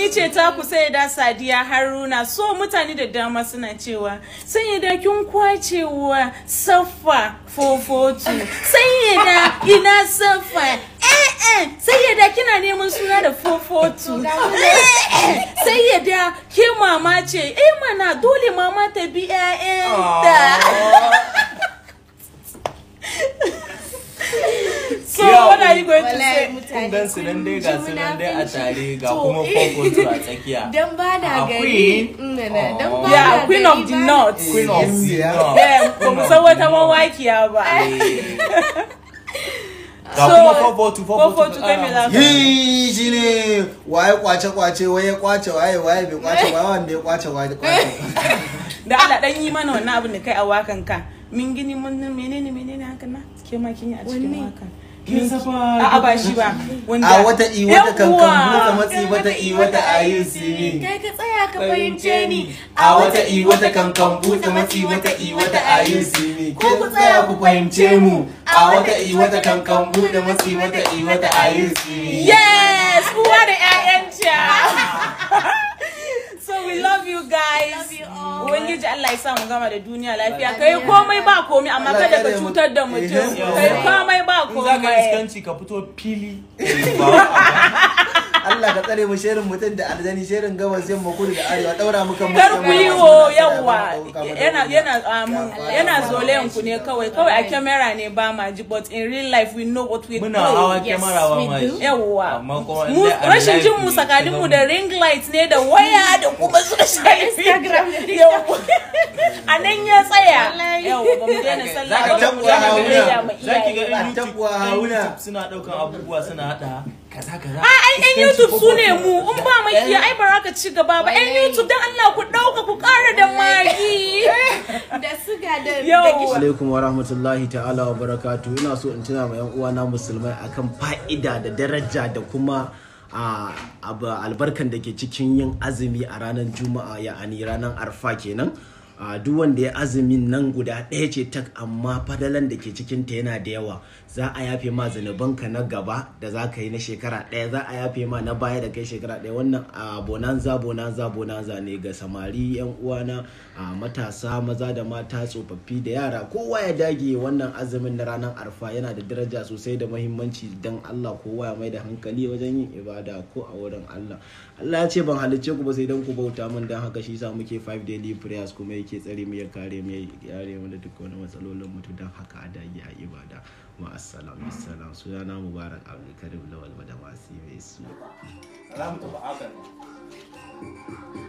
ni ce ta ku sai da Sadiya Haruna so mutane da dama suna cewa sai da kin kwacewa Saffa 442 sai da ina safa? eh, eh. sai da kina neman suna da 442 eh, eh. sai da ke mama ce eh mana dole mama ta bi ƴaƴan are you going to say kun dai ga su dai a tare ga kuma kokoto eh, a tsakiya dan ba na gari dan mm, ba na queen of the north queen of the north eh kuma san wata mawakiya ba ga ah. ne waye kwace kwace waye kwace waye waye bai kwace waye wanda ya kwace waye kwace da ala dan yi mana wannan abin da kai a wakan ka min gini mun menene menene haka na ke ma yi a cikin wakan A'a ba shi ba. Wanda a wata i wata kankan wata matsi wata i wata ayusi. Kai ka tsaya ka fahimce ni. A wata i wata kankan buta matsi wata i wata ayusi. Ko ku tsaya ku fahimce mu. A wata i wata kankan buta matsi wata i wata ayusi. Yes, uwa da 'ya'yan 'ya'yanta. ubangiji Allah ya sa mu gama da duniya lafiya kai komai ba komai amma kada ka cutar da mutum kai komai ba komai za ka iskanci ka fito fili Allah ka tsare mu shirin mutum da aljani shirin gabas yin mu kudu da arewa daura muka mu kar ku yi wo yawa yana yana um, yana zolen ku ne kawai kawai a camera ne ba ma ji but in real life we know what we do muna hawa camera ba ma yawa mu rashin jin mu sakanin mu da ring light ne da waya da ku Instagram A nan ya tsaya. Yau ba mu daina sallah. Zaka tabbuwa Haruna. Zaki ga in YouTube suna daukan abubuwa suna hada kaza kaza. A ai ɗan YouTube su ne mu in ba maki eh. ai ba ka ci gaba ba. Ɗan YouTube dan Allah ku dauka ku ƙara da magi. Da suga da Yau. Alaikum wa rahmatullahi ta'ala wa barakatuh. Ina so in tuna ma 'yan uwa na musulmai akan fa'ida da daraja da kuma albarkan da ke cikin yin azumi a ranar juma'a ya'ani ranar arfa kenan a duk wanda ya azumin nan guda ɗaya ce tak amma fadalan da ke cikin ta yana da yawa za a yafe ma zanubanka na gaba da za ka yi na shekara ɗaya za a yafe ma na baya da kai shekara ɗaya wannan a bonanza bonanza bonanza ne ga samari yan uwana a matasa maza da mata tsofaffi da yara kowa ya dage wannan azumin na ranar arfa yana da daraja sosai da muhimmanci dan Allah kowa ya mai da hankali wajen yin ibada ko a wurin Allah Allah ya ce ban halicce ku ba sai dan ku bauta min dan haka shi sa muke five daily prayers kuma yake yake tsare mu ya kare mu ya kare mu da duk wani matsalolin mutu don haka a dage a ibada ma assalamu assalam sunana mubarak abdulkarim lawal badamasi mai su. Salamu ta